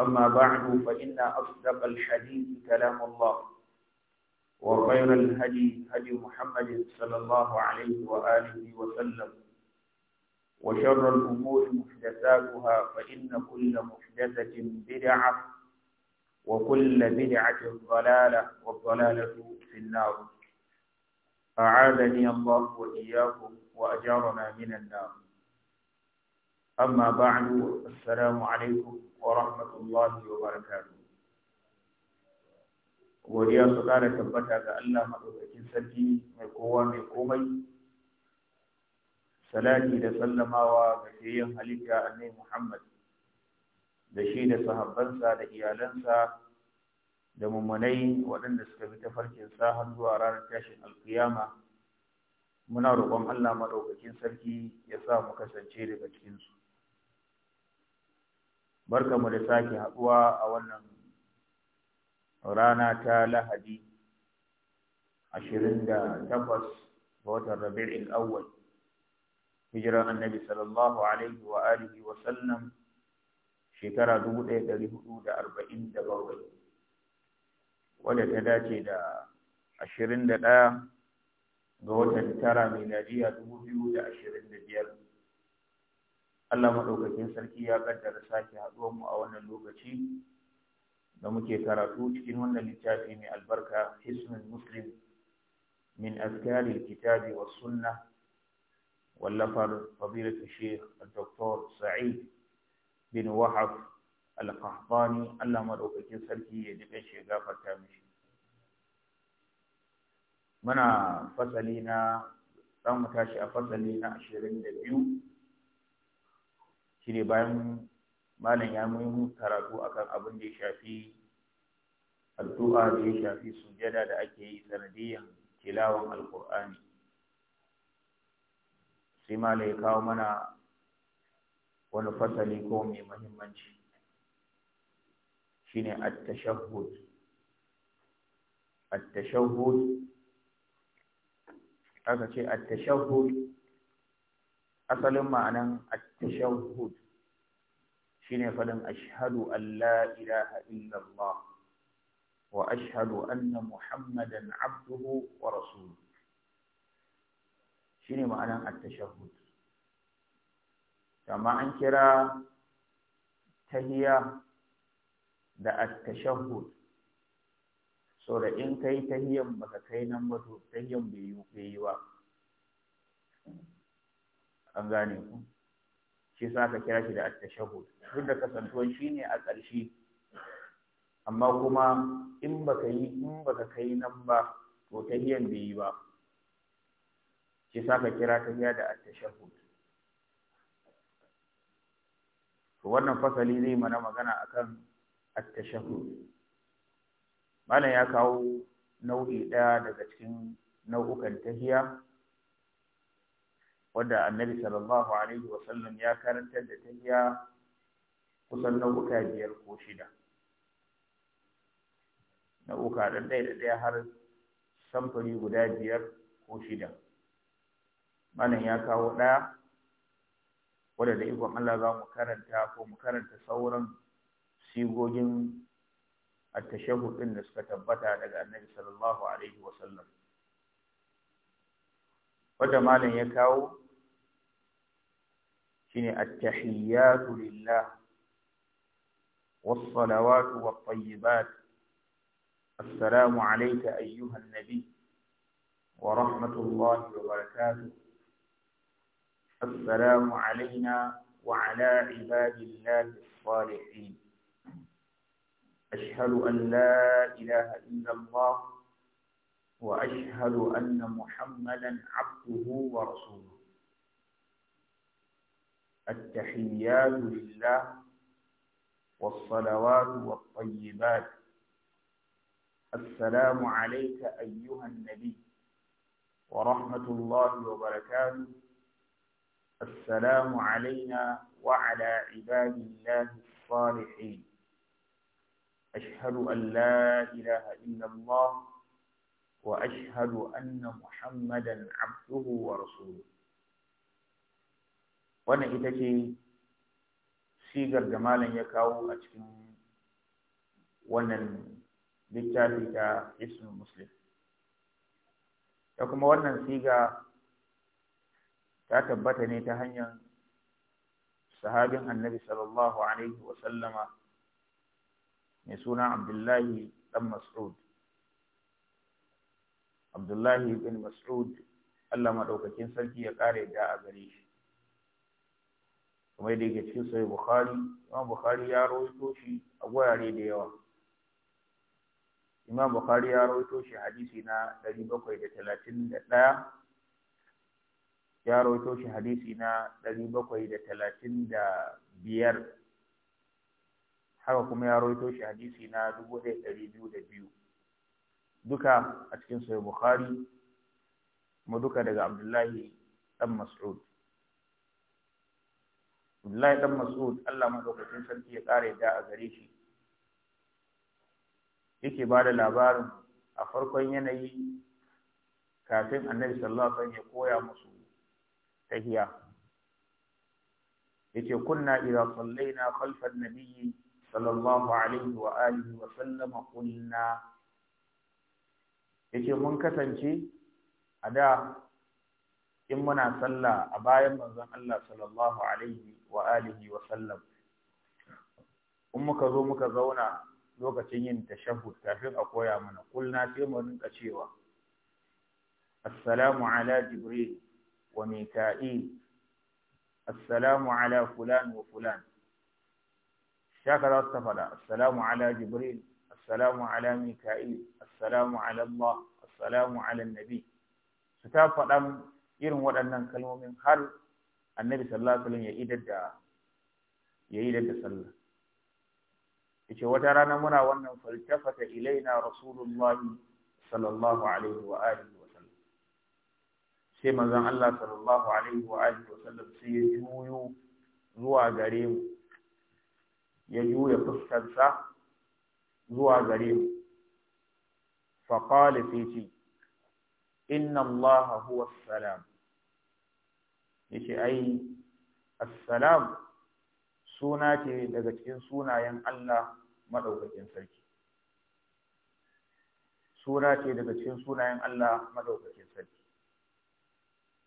أما بعد فإن أصدق الحديث كلام الله وخير الهدي هدي محمد صلى الله عليه وآله وسلم وشر الأمور محدثاتها فإن كل محدثة بدعة وكل بدعة ضلالة والضلالة في النار أعاذني الله وإياكم وأجارنا من النار أما بعد السلام عليكم warahmatullahi wabarakatuh godiya su kare tabbata ga Allah maɗaukakin sarki mai kowa mai komai salati da sallamawa ga shayyan halitta annabi Muhammad da shi da sahabbansa da iyalansa da mummunai waɗanda suka bi tafarkin sa har zuwa ranar tashin alkiyama muna roƙon Allah maɗaukakin sarki ya sa mu kasance daga cikin su Barka mu da sake haɗuwa a wannan rana ta lahadi ashirin da takwas ga watan rabi'in awwal hijirar annabi sallallahu alaihi wa alihi wa sallam shekara dubu ɗaya ɗari huɗu da arba'in da bakwai wadda ta dace da ashirin da ɗaya ga watan tara miladiya dubu biyu da ashirin da biyar Allah maɗaukakin sarki ya kaddara sake mu a wannan lokaci da muke karatu cikin wannan littafi mai albarka hisnul muslim min azkaril kitabi was sunna wallafar fadilatu sheikh dr sa'id bin wahab al-qahtani Allah maɗaukakin sarki ya jika shi gafarta mishi muna fasali na za mu tashi a fasali na ashirin da biyu ne bayan malam ya muhimmin karatu akan abin da ya shafi addu'a da ya shafi sujada da ake yi sanadiyan tilawan alkur'ani sai malam ya kawo mana wani fasali ko mai muhimmanci shine at-tashahhud at-tashahhud aka ce at-tashahhud asalin ma'anan at-tashahhud shine fadin ashhadu an la ilaha Allah wa ashhadu anna muhammadan abduhu wa rasuluhu shine ma'anan at-tashahhud amma an kira tahiyya da at-tashahhud so da in kai tahiyyan baka kai nan ba to tahiyyan bai yi ba an gane ku shi sa aka kira shi da at-tashahhud duk da kasantuwan shine a ƙarshe amma kuma in baka yi in baka kai nan ba to hiyan bai yi ba shi sa aka kira tafiya da at-tashahhud to wannan fasali zai mana magana akan at-tashahhud malam ya kawo nau'i ɗaya daga cikin nau'ukan tahiya wadda annabi sallallahu alaihi wasallam ya karantar da tahiya kusan nau'uka biyar ko shida nau'uka ɗan ɗaya da ɗaya har samfuri guda biyar ko shida malam ya kawo ɗaya wadda da ikon Allah za mu karanta ko mu karanta sauran sigogin suka tabbata daga لدى Sallallahu alaihi wa sallam. Wadda Malam ya kawo. كني التحيات لله والصلوات والطيبات السلام عليك أيها النبي ورحمة الله وبركاته السلام علينا وعلى عباد الله الصالحين أشهد أن لا إله إلا الله وأشهد أن محمدا عبده ورسوله التحيات لله والصلوات والطيبات السلام عليك أيها النبي ورحمة الله وبركاته السلام علينا وعلى عباد الله الصالحين أشهد أن لا إله إلا الله وأشهد أن محمدا عبده ورسوله wannan ita ce sigar da malam ya kawo a cikin wannan littafi ta ismu muslim ta kuma wannan siga ta tabbata ne ta hanyar sahabin annabi sallallahu alaihi wa mai suna abdullahi dan mas'ud abdullahi bin mas'ud Allah maɗaukakin sarki ya ƙare da a gare shi kuma yadda yake cikin sahih bukhari imam bukhari ya rawaito shi a gwayare da yawa imam bukhari ya rawaito shi hadisi na 731 ya rawaito shi hadisi na 735 haka kuma ya rawaito shi hadisi na 1202 duka a cikin sahih bukhari kuma duka daga abdullahi dan mas'ud Abdullahi dan Mas'ud Allah madaukakin sarki ya kare da a gare shi yake ba da labarin a farkon yanayi kafin annabi sallallahu alaihi wasallam ya koya musu tahiya yace kunna idza sallaina khalfa an-nabiyyi sallallahu alaihi wa alihi wa sallam qulna yace mun kasance a da in muna sallah a bayan manzon Allah sallallahu alaihi wa alihi wa sallam in muka zo muka zauna lokacin yin tashahhud kafin a koya mana kulna sai mu rinka cewa assalamu ala jibril wa mika'il assalamu ala fulan wa fulan shaka za su ta faɗa assalamu ala jibril assalamu ala mika'il assalamu ala allah assalamu ala nabi su faɗan irin waɗannan kalmomin har annabi sallallahu alaihi wasallam ya idar da ya idar da sallah yace wata rana muna wannan faltafata ilaina rasulullahi sallallahu alaihi wa alihi wa sallam sai manzon Allah sallallahu alaihi wa alihi wa sallam sai ya juyo zuwa gare mu ya juya fuskarsa zuwa gare mu fa qala fi inna Allah huwa salam yace ai assalam suna ce daga cikin sunayen Allah madaukakin sarki suna ce daga cikin sunayen Allah madaukakin sarki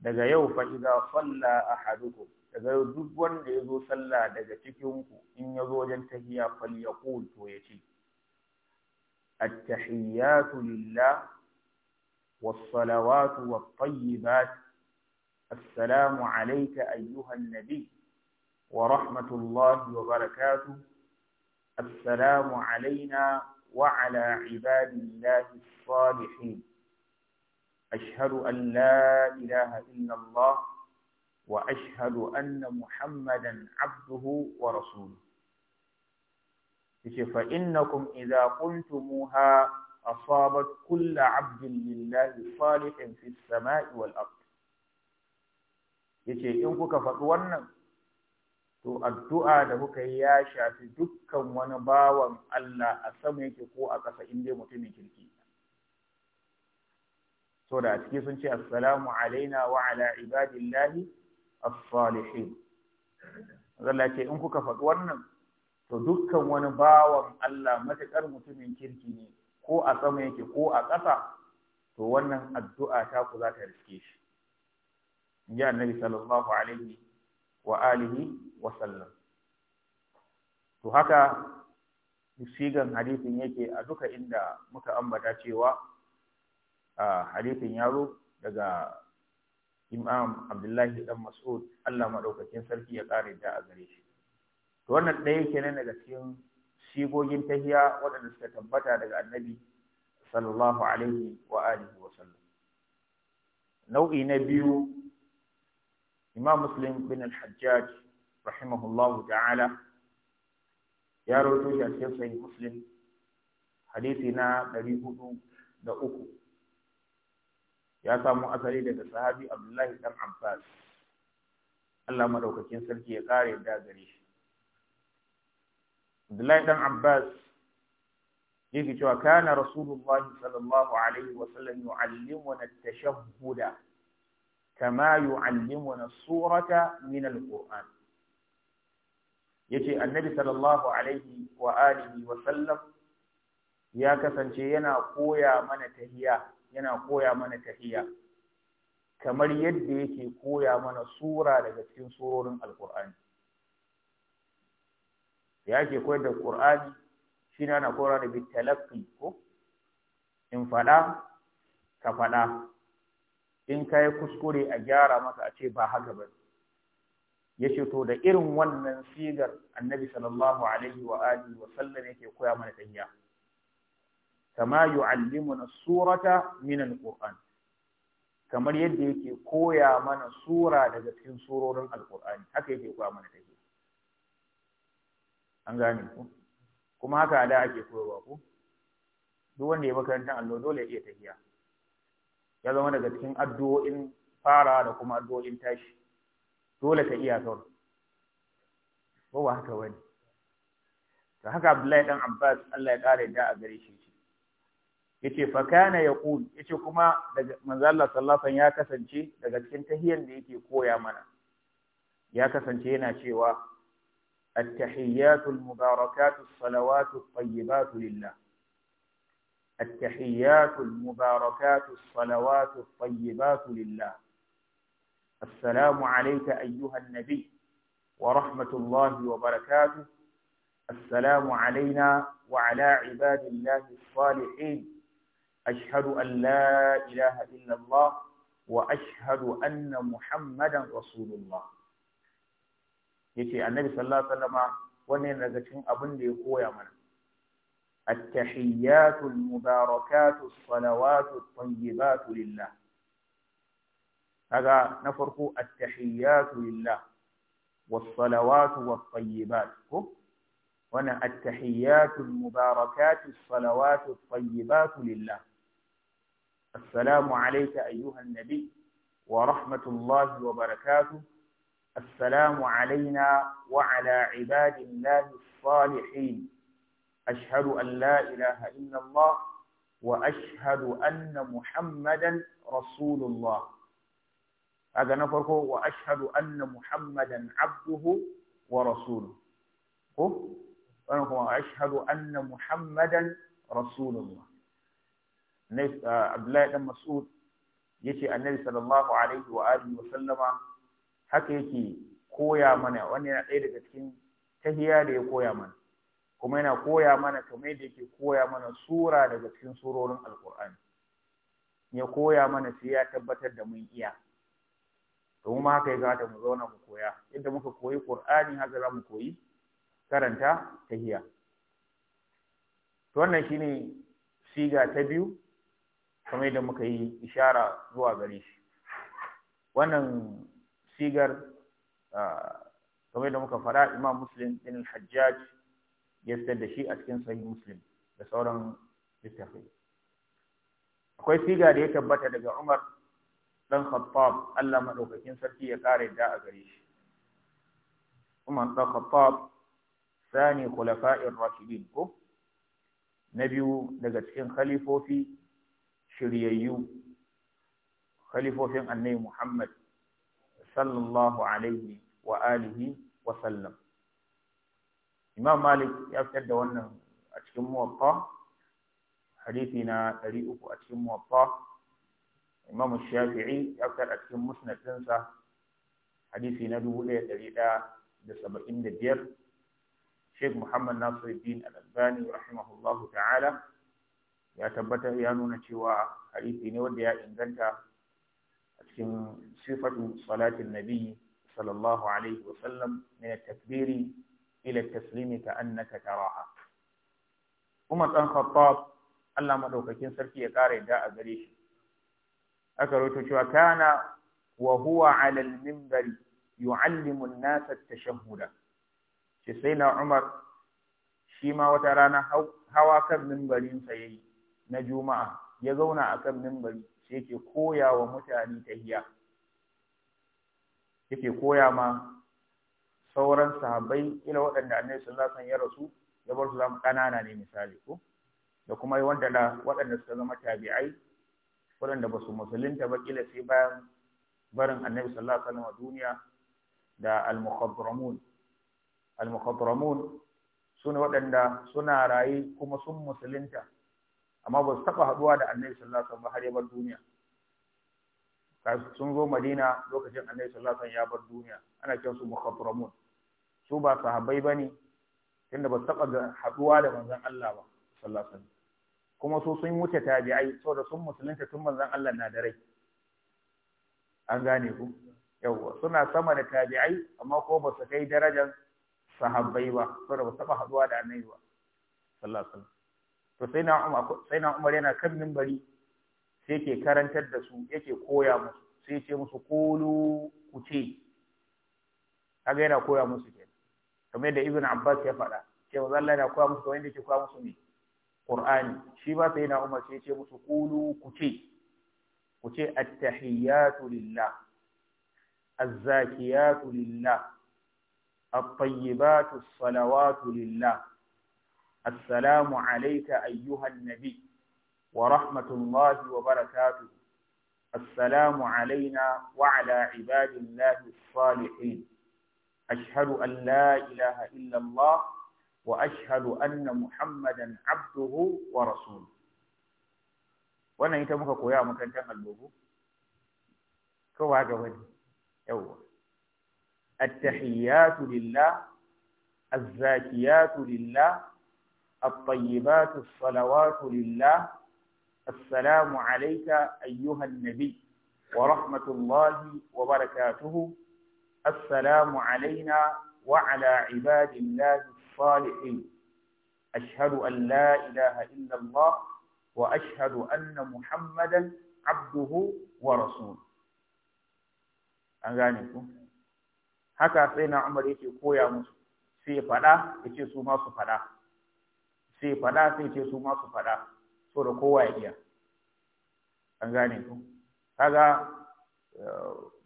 daga yau fa idza salla ahadukum daga yau duk wanda ya zo sallah daga ku in ya zo wajen tahiya falyaqul to ya ce at-tahiyyatu lillah was-salawatu wat السلام عليك أيها النبي ورحمة الله وبركاته السلام علينا وعلى عباد الله الصالحين أشهد أن لا إله إلا الله وأشهد أن محمدا عبده ورسوله فإنكم إذا قلتموها أصابت كل عبد لله صالح في السماء والأرض yace in kuka faɗi wannan to addu'a da kuka yi ya shafi dukkan wani bawan Allah a sama yake ko a ƙasa in dai mutumin kirki so da a ciki sun ce assalamu alaina wa ala ibadillahi as-salihin Allah ce in kuka faɗi wannan to dukkan wani bawan Allah matuƙar mutumin kirki ne ko a sama yake ko a ƙasa to wannan addu'a ta ku za ta riske shi in ji annabi sallallahu alaihi wa alihi wa sallam to haka sigan hadisin yake a duka inda muka ambata cewa hadisin yaro daga imam abdullahi dan mas'ud Allah madaukakin sarki ya kare da a gare shi to wannan ɗaya kenan daga cikin shigogin tahiya waɗanda suka tabbata daga annabi sallallahu alaihi wa alihi wa sallam nau'i na biyu imam muslim bin al-hajjaj rahimahullahu ta'ala ya rawaito shi a cikin sahih muslim hadisi na ɗari hudu da uku ya samu asali daga sahabi abdullahi dan abbas Allah madaukakin sarki ya kare da gare shi abdullahi dan abbas yake cewa kana rasulullahi sallallahu alaihi wa sallam yu'allimuna at-tashahhuda kama yu'allimuna surata min alquran yace annabi sallallahu alaihi wa alihi wa sallam ya kasance yana koya mana tahiya yana koya mana tahiya kamar yadda yake koya mana sura daga cikin surorin alqur'ani ya ke koyar da qur'ani shine ana koyar da bitalaqi ko in fada ka fada in ka yi kuskure a gyara maka a ce ba haka ba ya ce to da irin wannan sigar annabi sallallahu alaihi wa alihi wa sallam yake koya mana ɗanya kama yu'allimuna surata min alquran kamar yadda yake koya mana sura daga cikin surorin alqur'ani haka yake koya mana take an gane ku kuma haka da ake koyarwa ku duk wanda ya makarantar allo dole ya iya tafiya ya zama daga cikin addu'o'in fara da kuma addu'o'in tashi dole ka iya kawai ba haka wani to haka Abdullahi dan Abbas Allah ya kare da a gare shi yace fa kana yace kuma daga manzo ya kasance daga cikin tahiyyar da yake koya mana ya kasance yana cewa at-tahiyyatu mubarakatu salawatu at-tayyibatu lillah التحيات المباركات الصلوات الطيبات لله السلام عليك أيها النبي ورحمة الله وبركاته السلام علينا وعلى عباد الله الصالحين أشهد أن لا إله إلا الله وأشهد أن محمدا رسول الله يتي النبي صلى الله عليه وسلم wannan daga cikin abin da ya koya mana التحيات المباركات الصلوات الطيبات لله هذا نفرق التحيات لله والصلوات والطيبات وانا التحيات المباركات الصلوات الطيبات لله السلام عليك أيها النبي ورحمة الله وبركاته السلام علينا وعلى عباد الله الصالحين أشهد أن لا إله إلا الله وأشهد أن محمدا رسول الله هذا نفرقه وأشهد أن محمدا عبده ورسوله وأشهد أن محمدا رسول الله عبد الله بن مسعود yace annabi sallallahu alaihi wa alihi wa sallama haka yake koya mana wannan yana ɗaya daga cikin tahiya da ya koya mana kuma yana koya mana kamar yadda yake koya mana sura daga cikin surorin alkur'ani ya koya mana sai ya tabbatar da mun iya to kuma haka ya gata mu zauna mu koya yadda muka koyi qur'ani haka za mu koyi karanta tahiya to wannan shine siga ta biyu kamar yadda muka yi ishara zuwa gare shi wannan sigar ah, kamar yadda muka fara imam muslim bin hajjaj ya sayar da shi a cikin sahih muslim da sauran littafai akwai siga da ya tabbata daga umar dan khattab Allah madaukakin sarki ya kare da a gare shi umar dan khattab sani khulafa'ir rashidin ko na biyu daga cikin khalifofi shiryayyu khalifofin annabi Muhammad sallallahu alaihi wa alihi wa sallam imam malik ya fitar da wannan a cikin muwatta hadisi na 300 a cikin muwatta imam shafi'i ya fitar a cikin musnad dinsa hadisi na 1175 Sheikh Muhammad Nasiruddin Al-Albani rahimahullahu ta'ala ya tabbatar ya nuna cewa hadisi ne wanda ya inganta a cikin sifatu salatin nabi sallallahu alaihi wa sallam min takbiri ila taslimi ka annaka taraha Umar dan Khattab Allah madaukakin sarki ya kare da a gare shi aka rawaito cewa kana wa huwa ala al-minbari yu'allimu an-nas at shi sai na Umar shi ma wata rana hawa kan minbarin sa yayi na juma'a ya zauna akan minbari sai yake koya wa mutane tahiyya yake koya ma sauran sahabbai ila waɗanda annabi sallallahu alaihi wasallam ya rasu ya bar su zama kanana ne misali ko da kuma wanda da waɗanda suka zama tabi'ai waɗanda ba su musulunta ba kila sai bayan barin annabi sallallahu alaihi wasallam duniya da al-mukhadramun al-mukhadramun sune waɗanda suna raye kuma sun musulunta amma ba su taɓa haɗuwa da annabi sallallahu alaihi wasallam har ya bar duniya sun zo madina lokacin annabi sallallahu alaihi wasallam ya bar duniya ana kiransu mukhadramun su ba sahabbai bane tunda ba su taba haduwa da manzon Allah ba sallallahu alaihi wasallam kuma su sun wuce tabi'ai saboda sun musulunta tun manzon Allah na da rai an gane ku yawa suna sama da tabi'ai amma ko ba su kai darajar sahabbai ba saboda ba su taba haduwa da annabi ba sallallahu alaihi wasallam to sai na Umar sai na Umar yana kan minbari sai yake karantar da su yake koya musu sai ce musu kulu ku ce kaga yana koya musu ke kamar yadda Ibn Abbas ya faɗa, ce ba zalla na kuwa musu ke kuwa musu ne, Ƙur'ani, shi ba sai na umar ce musu kulu ku ce, ku ce, attahiyatu lillah, azzakiyatu lillah, attayyibatu lilla. Asalamu assalamu alaika ayyuhan nabi, wa rahmatullahi wa barakatu, Asalamu alaina وعلى عباد الله salihin. أشهد أن لا إله إلا الله وأشهد أن محمدا عبده ورسوله wannan ita muka koya a makarantar allobo kowa ga wani yauwa attahiyatu lillah azzakiyatu lillah attayyibatu salawatu lillah assalamu alayka ayyuhan nabi wa rahmatullahi wa barakatuhu السلام علينا وعلى عباد الله الصالحين أشهد أن لا إله إلا الله وأشهد أن محمدا عبده ورسوله أنغانيكم haka sai na Umar yake koya musu sai fada yace su su fada sai fada yace su su fada da kowa ya an gane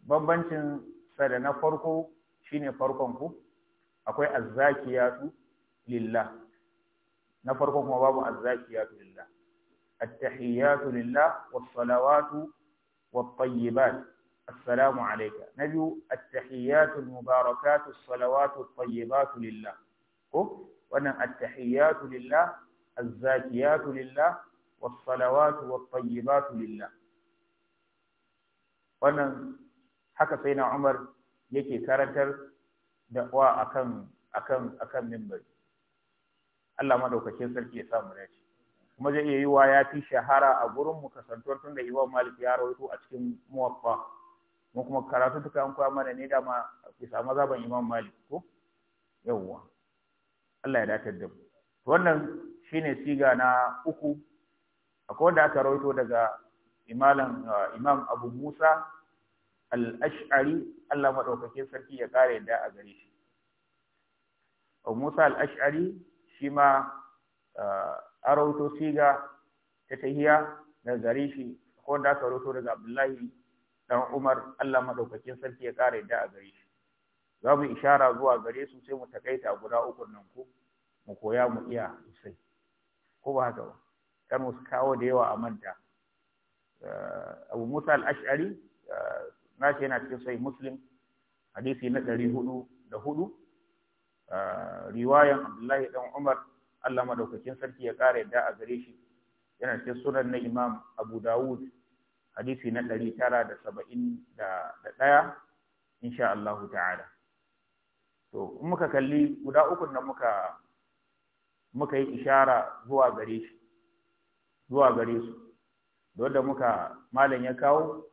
bambancin sada na farko shine farkon ku akwai azzakiyatu lillah na farko kuma babu azzakiyatu lillah attahiyatu lillah was-salawatu wat-tayyibat salawatu عليك نبي التحيات المباركات Wannan الطيبات لله وانا التحيات لله الزاكيات لله والصلوات والطيبات لله wannan. haka sai na Umar yake karantar da wa akan akan akan mimbari Allah madaukakin sarki ya samu rai kuma zai iya yiwa ya fi shahara a gurin mu kasantuwar tun da Imam Malik ya rawaito a cikin Muwaffa mu kuma karatu duka an koya mana ne dama samu zaban Imam Malik ko yawwa Allah ya dace da mu wannan shine siga na uku akwai wanda aka rawaito daga imalan uh, imam Abu Musa al-ash'ari Allah maɗaukakin sarki ya kare da a gare shi Abu Musa al-ash'ari shi ma arauto siga ta tahiya da gare shi ko da aka rawato daga Abdullahi Ɗan Umar Allah maɗaukakin sarki ya kare da a gare shi za mu ishara zuwa gare su sai mu takaita guda uku nan ko mu koya mu iya sosai ko ba haka ba kar mu kawo da yawa a manta abu musa al-Ash'ari Na ce yana cikin sai muslim hadisi na ɗari hudu da hudu ah, riwayan abdullahi dan umar allah madaukakin sarki ya ƙara yadda a gare shi yana cikin sunan na imam abu dawud hadisi na ɗari tara da saba'in da ɗaya insha allahu ta'ala to in muka kalli guda ukun da muka muka yi ishara zuwa gare shi zuwa gare su da wanda muka malam ya kawo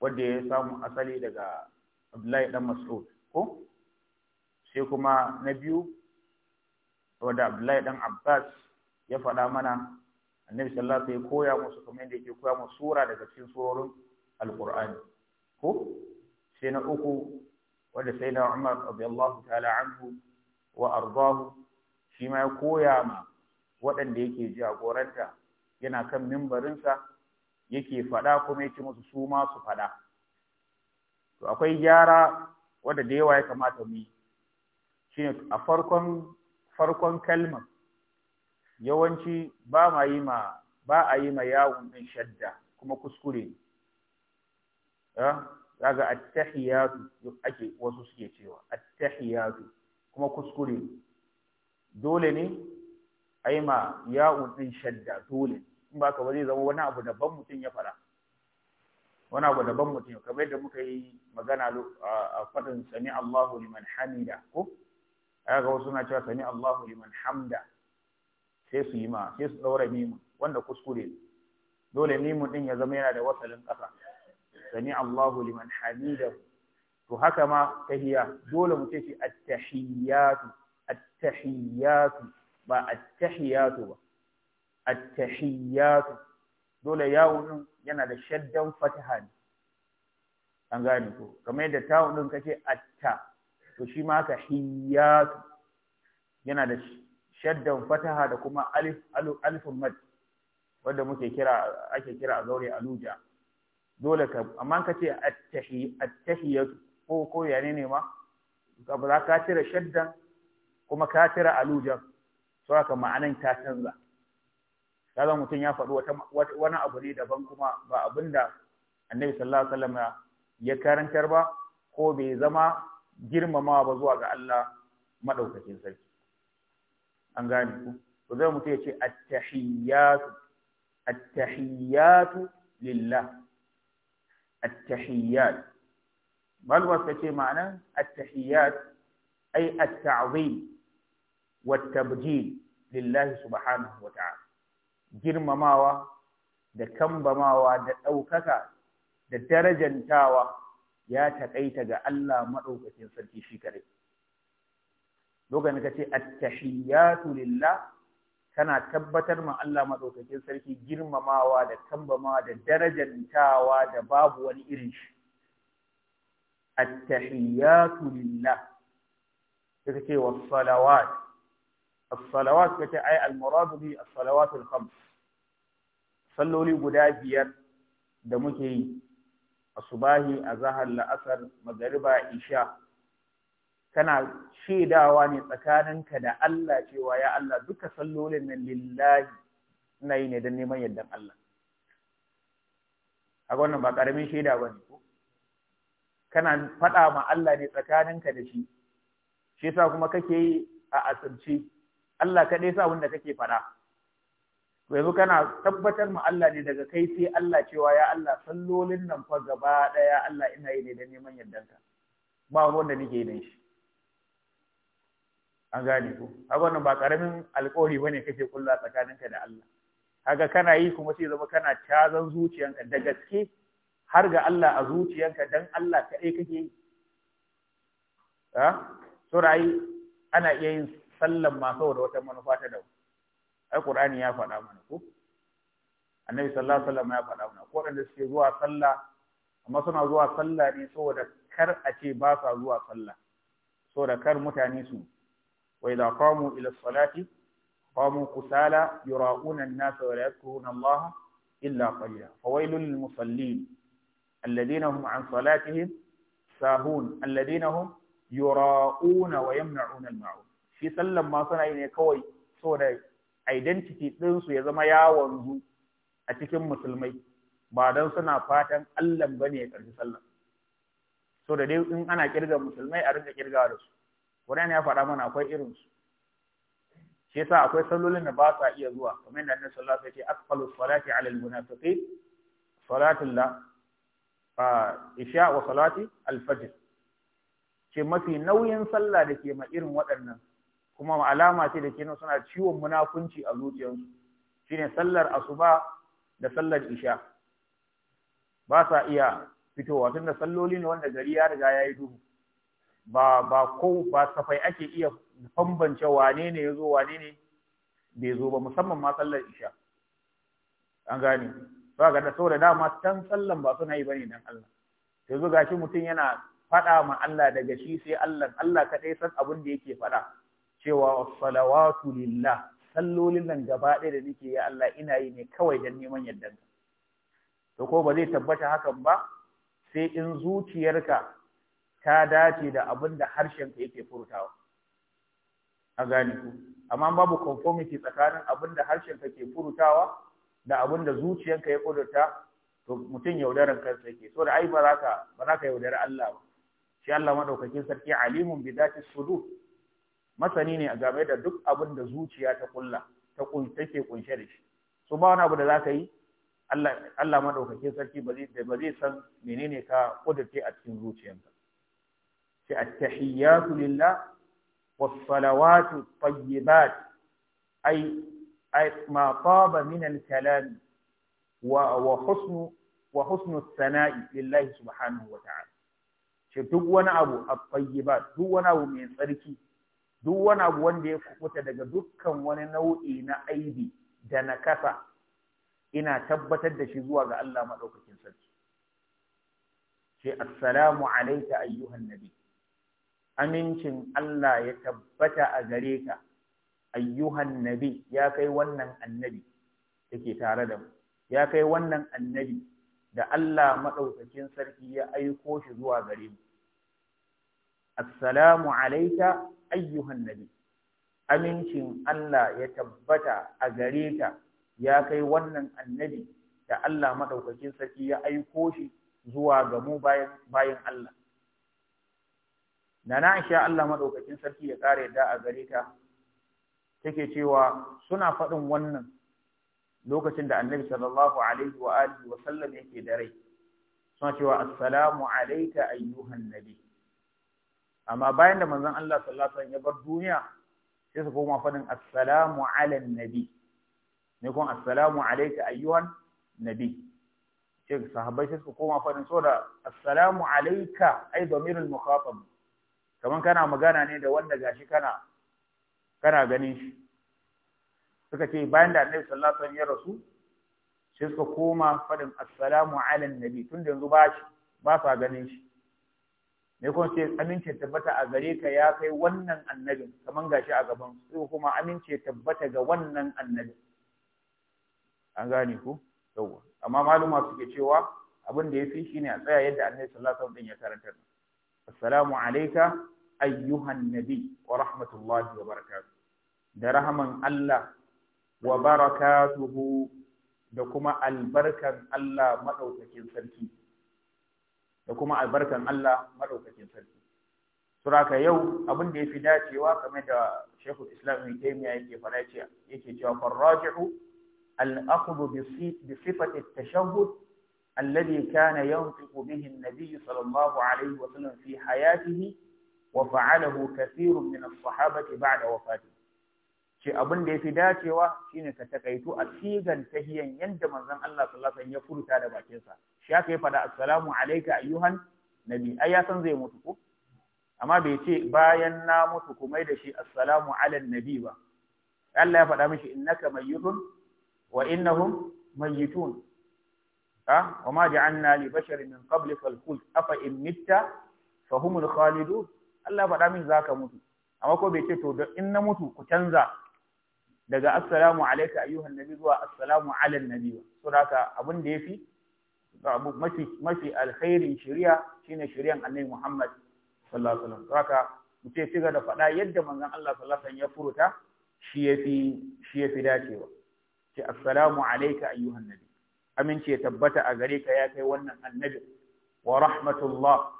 wanda ya samu asali daga Abdullahi dan Mas'ud ko sai kuma na biyu wanda Abdullahi dan Abbas ya faɗa mana Annabi sallallahu alaihi wasallam ya koya musu kuma yadda yake koya musu sura daga cikin surorin Al-Qur'ani ko sai na uku wanda na Umar radiyallahu ta'ala anhu wa ardahu shi ma ya koya ma waɗanda yake jagoranta yana kan mimbarinsa yake faɗa kuma yake musu su ma su faɗa to akwai gyara wanda da yawa ya kamata mu yi shine a farkon farkon kalmar yawanci ba ma yi ma ba a yi ma yawon din shadda kuma kuskure ne eh, daga attahiyatu ake wasu suke cewa attahiyatu kuma kuskure dole ne a yi ma yawon ɗin shadda dole ne in ba ka ba zai zama wani abu daban mutum ya fara wani abu daban mutum kamar yadda muka yi magana a faɗin sami Allahu liman hamida ko ga wasu na cewa sami Allahu liman hamda sai su yi ma sai su ɗaura mimun wanda kuskure dole mimun ɗin ya zama yana da wasalin ƙasa sami Allahu liman hamida to haka ma tahiya dole mu ce shi at-tahiyatu at-tahiyatu ba at-tahiyatu ba at-tahiyyatu dole yawunin yana da shaddan fataha ne an gane ko kamar yadda tawunin din kace atta to shi ma ka hiyyatu yana da shaddan fataha da kuma alif alifun mad wanda muke kira ake kira a zaure aluja dole ka amma ka ce at ko ko yane ne ma ka ba ka tira shaddan kuma ka tira aluja saboda ma'anan ta canza kaga mutum ya faɗi wani abu ne daban kuma ba abinda annabi sallallahu alaihi wasallam ya karantar ba ko bai zama girmamawa ba zuwa ga Allah madaukakin sarki an gane ku to zai mutum ya ce attahiyatu attahiyatu lillah attahiyat balwa ta ce ma'anan attahiyat ay at-ta'zim wa tabjil lillahi subhanahu wa ta'ala girmamawa da kambamawa da ɗaukaka da darajantawa ya taƙaita ga Allah maɗaukakin sarki shi kare. Lokacin ka ce, Attahiyatu lilla kana tabbatar ma Allah maɗaukakin sarki girmamawa da kambamawa da darajantawa da babu wani irin shi. Attahiyatu lilla, ka ce wasu salawat as-salawat kace ai al-murad bi salloli guda biyar da muke yi a zahar la'asar magariba isha kana shaidawa ne tsakaninka da Allah cewa ya Allah duka sallolin nan lillahi ina yi ne don neman yardan Allah a wannan ba ƙaramin shaida ba ne kana faɗa Allah ne tsakaninka da shi shi yasa kuma kake yi a asirce Allah kaɗai sa wanda kake faɗa yanzu kana tabbatar ma Allah ne daga kai sai Allah cewa ya Allah sallolin nan fa gaba ɗaya Allah ina yi ne da neman yardanka ba wanda nake yi da shi an gane ko haka wannan ba karamin alƙawari bane kake kulla tsakaninka da Allah haka kana yi kuma sai zama kana cazan zuciyanka da gaske har ga Allah a zuciyanka dan Allah kaɗai kake yi ha ah? ana iya yin sallan ma saboda wata manufa ta dau. ai qur'ani ya faɗa mana ko annabi sallallahu alaihi wasallam ya faɗa mana ko wanda suke zuwa sallah amma suna zuwa sallah ne saboda kar a ce ba sa zuwa sallah saboda kar mutane su wa idza qamu ila salati qamu kusala yura'una an-nasa wa yadhkuruna Allah illa qalila fawailul lil musallin alladhina hum an salatihim sahun alladhina hum yura'una wa yamna'una al-ma'ruf shi sallan ma suna yi ne kawai saboda identity ɗinsu ya zama ya wanzu a cikin musulmai ba don suna fatan Allah ba ne ya ƙarfi sallan so da dai in ana kirga musulmai a rinka kirga da su wani ya faɗa mana akwai irinsu shi yasa akwai sallolin da ba sa iya zuwa kamar yadda annabi sallallahu alaihi wasallam ya ce asqalu salati ala almunafiqin salatul la isha wa salati alfajr ce mafi nauyin sallah da ke ma irin waɗannan kuma alama ce da kenan suna ciwon munafunci a zuciyarsu shine sallar asuba da sallar isha ba sa iya fitowa tunda salloli ne wanda gari ya riga yayi duhu ba ba ko ba safai ake iya bambance wane ne yazo wane ne bai zo ba musamman ma sallar isha an gane ba ga da saboda dama tan sallan ba suna yi bane dan Allah yanzu gashi mutum yana faɗa ma Allah daga shi sai Allah Allah kaɗai san abin da yake faɗa cewa salawatu lillah sallolin nan gaba ɗaya da nake ya Allah ina yi ne kawai don neman yardanka to ko ba zai tabbata hakan ba sai in zuciyarka ta dace da abin da harshenka yake furtawa a gane ku amma babu conformity tsakanin abin da harshenka ke furtawa da abin da zuciyarka ya kudurta to mutum yaudaran kansa yake so da ai ba za ka ba za ka yaudari Allah ba shi Allah madaukakin sarki alimun bi zati sudur masani ne a game da duk abin da zuciya ta kulla take kunshe da shi su ba wani abu da za ka yi Allah maɗaukakin sarki ba zai san menene ka kudurce a cikin zuciyarka sai a tahiyyatu lillah wa salawatu tayyibat ay ay wa wa husn wa lillahi subhanahu wa ta'ala shi wani abu at tayyibat duk wani abu mai tsarki duk wani abu wanda ya kubuta daga dukkan wani nau'i na aibi da na kasa ina tabbatar da shi zuwa ga Allah madaukakin sarki sai assalamu alayka ayyuhan nabi amincin Allah ya tabbata a gare ka ayyuhan nabi ya kai wannan annabi ke tare da mu ya kai wannan annabi da Allah maɗaukakin sarki ya aiko shi zuwa gare mu assalamu alayka ayyuhan nabi amincin Allah ya tabbata a gare ta, ya kai wannan annabi da Allah madaukakin sarki ya aiko shi zuwa ga mu bayan bayan Allah da na insha Allah madaukakin sarki ya kare da a gare ta take cewa suna faɗin wannan lokacin da annabi sallallahu alaihi wa alihi wa sallam yake da rai suna cewa assalamu alayka ayyuhan nabi amma bayan da manzon Allah sallallahu alaihi wasallam ya bar duniya sai su koma fadin assalamu ala nabi ne kuma assalamu alayka ayyuhan nabi sai sahabbai sai su koma fadin da assalamu alayka ai damirul mukhatab kaman kana magana ne da wanda gashi kana kana ganin shi suka ce bayan da annabi sallallahu alaihi wasallam ya rasu sai suka koma fadin assalamu ala nabi tunda yanzu ba shi ba sa ganin shi ne kuma sai amince tabbata a gare ka ya kai wannan annabin kaman gashi a gaban su kuma amince tabbata ga wannan annabin an gane ku yawa amma maluma suke cewa abin da yafi shine a tsaya yadda annabi sallallahu alaihi wasallam ya karanta assalamu alayka ayyuhan nabi wa rahmatullahi wa barakatuh da rahaman Allah wa barakatuhu da kuma albarkan Allah madaukakin sarki da kuma albarkan Allah madaukakin sarki suraka yau abin da yafi dacewa kamar da Sheikh Islam Ibn Taymiyyah yake fara cewa yake cewa farraji'u al-akhdhu bi sifati at-tashahhud alladhi kana yantiqu bihi an-nabiy sallallahu alayhi wa sallam fi hayatihi wa fa'alahu kathirun min as-sahabati ba'da wafatihi ce abin da ya fi dacewa shine ka takaitu a sigan tahiyan yanda manzon Allah sallallahu alaihi wasallam ya furta da bakin sa shi aka yi fada assalamu alayka ayyuhan nabi ai ya san zai mutu ko amma bai ce bayan na mutu kuma da shi assalamu ala nabi ba Allah ya faɗa mishi innaka mayyitun wa innahum mayyitun ha ah, wa ma ja'alna li basharin min qablika al-khuld afa in mitta fa humul khalidun Allah ya faɗa min zaka mutu amma ko bai ce to in na mutu ku canza daga assalamu alaika ayyuhan nabi zuwa assalamu ala nabi so haka abin da yafi mafi mafi alkhairin shari'a shine shari'an annabi Muhammad sallallahu alaihi wasallam haka mutum ya da faɗa yadda manzon Allah sallallahu alaihi wasallam ya furuta shi yafi shi yafi dacewa ce assalamu alaika ayyuhan nabi amince ya tabbata a gare ka ya kai wannan annabi wa rahmatullah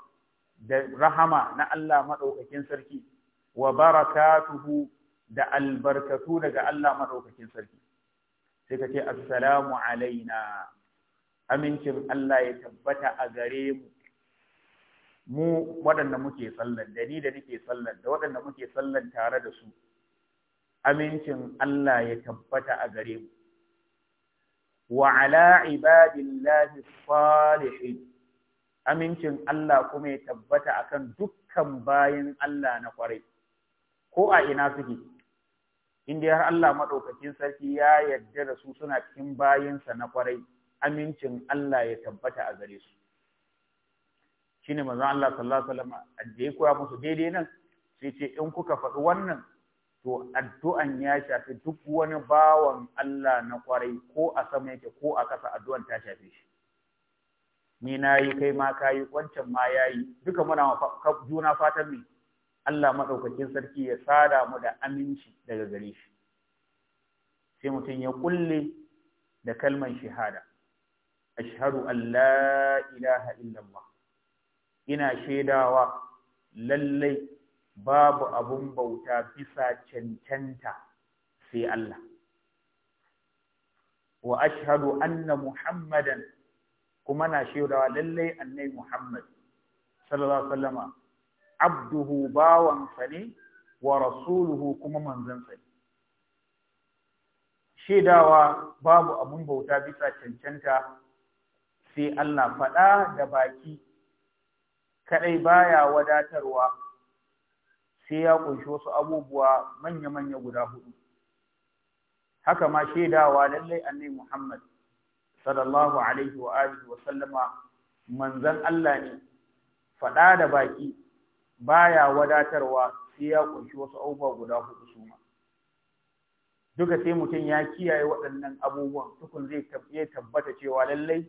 da rahama na Allah madaukakin sarki wa barakatuhu da albarkatu daga Allah madaukakin sarki sai ka ce assalamu alaina amincin Allah ya tabbata a gare mu mu waɗanda muke sallan da ni da nake sallan da waɗanda muke sallan tare da su amincin Allah ya tabbata a gare mu wa ala ibadillahi salihin amincin Allah kuma ya tabbata akan dukkan bayin Allah na kwarai ko a ina suke inda har Allah maɗaukakin sarki ya yarda da su suna cikin bayinsa na kwarai amincin Allah ya tabbata a gare su shine manzo Allah sallallahu alaihi wasallam da ya koya musu daidai nan sai ce in kuka faɗi wannan to addu'an ya shafi duk wani bawan Allah na kwarai ko a sama yake ko a kasa addu'an ta shafe shi ni na yi kai ma kayi wancan ma yayi duka muna juna fatan mu Allah maɗaukakin sarki ya sada mu da aminci daga gare shi sai mutum ya kulle da kalman shahada ashhadu an la ilaha illallah ina shaidawa lallai babu abun bauta bisa cancanta sai Allah wa ashhadu anna muhammadan kuma na shaidawa lallai annai muhammad sallallahu alaihi wasallama abduhu bawansa ne wa rasuluhu kuma manzansa ne shaidawa babu abun bauta bisa cancanta sai Allah faɗa da baki Kaɗai baya wadatarwa sai ya ƙunshi wasu abubuwa manya-manya guda hudu haka ma shaidawa lallai annabi Muhammad sallallahu alaihi wa alihi wa sallama manzan Allah ne faɗa da baki baya wadatarwa sai ya kunshi wasu abubuwa guda hudu su ma duka sai mutum ya kiyaye waɗannan abubuwan tukun zai tabbata cewa lallai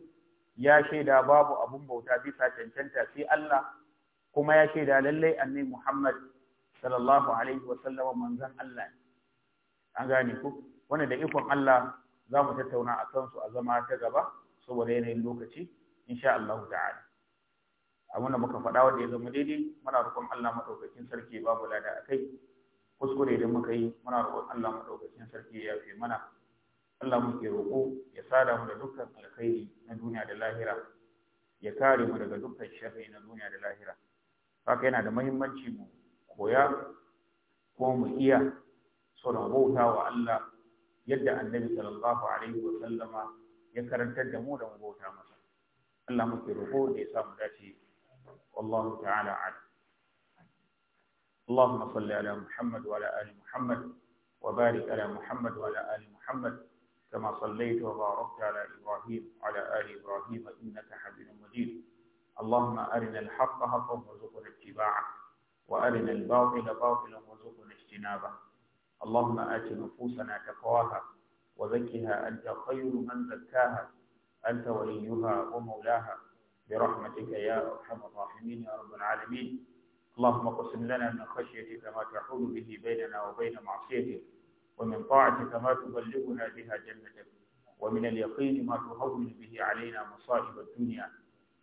ya shaida babu abun bauta bisa cancanta sai Allah kuma ya shaida lallai annai Muhammad sallallahu alaihi wa sallama manzon Allah ne an gane ku wanda da ikon Allah za mu tattauna a kansu a zama ta gaba saboda yanayin lokaci insha Allah ta'ala abin da muka faɗa wanda ya zama daidai muna roƙon Allah maɗaukakin sarki ba lada lada kai. kuskure da muka yi muna roƙon Allah maɗaukakin sarki ya yafe mana Allah muke roƙo ya sada mu da dukkan alkhairi na duniya da lahira ya kare mu daga dukkan sharri na duniya da lahira haka yana da muhimmanci mu koya ko mu iya sauran bauta wa Allah yadda annabi sallallahu alaihi wa sallama ya karantar da mu da mu bauta masa Allah muke roƙo da ya sa mu dace والله تعالى أعلم اللهم صل على محمد وعلى آل محمد وبارك على محمد وعلى آل محمد كما صليت وباركت على إبراهيم وعلى آل إبراهيم إنك حميد مجيد اللهم أرنا الحق حقا وارزقنا اتباعه وأرنا الباطل باطلا وارزقنا اجتنابه اللهم آت نفوسنا تقواها وزكها أنت خير من زكاها أنت وليها ومولاها برحمتك يا أرحم الراحمين يا رب العالمين اللهم اقسم لنا من خشيتك ما تحول به بيننا وبين معصيتك ومن طاعتك ما تبلغنا بها جنتك ومن اليقين ما تهون به علينا مصائب الدنيا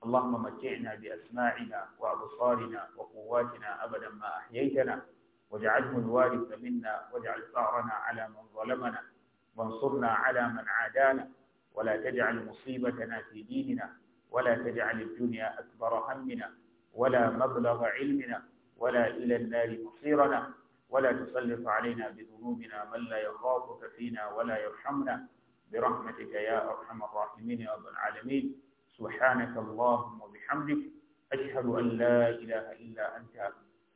اللهم متعنا بأسماعنا وأبصارنا وقواتنا أبدا ما أحييتنا واجعله الوارث منا واجعل ثارنا على من ظلمنا وانصرنا على من عادانا ولا تجعل مصيبتنا في ديننا ولا تجعل الدنيا أكبر همنا ولا مبلغ علمنا ولا إلى النار مصيرنا ولا تسلط علينا بذنوبنا من لا يخافك فينا ولا يرحمنا برحمتك يا أرحم الراحمين يا رب العالمين سبحانك اللهم وبحمدك أشهد أن لا إله إلا أنت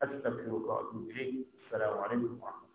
أستغفرك وأتوب إليك السلام عليكم ورحمة الله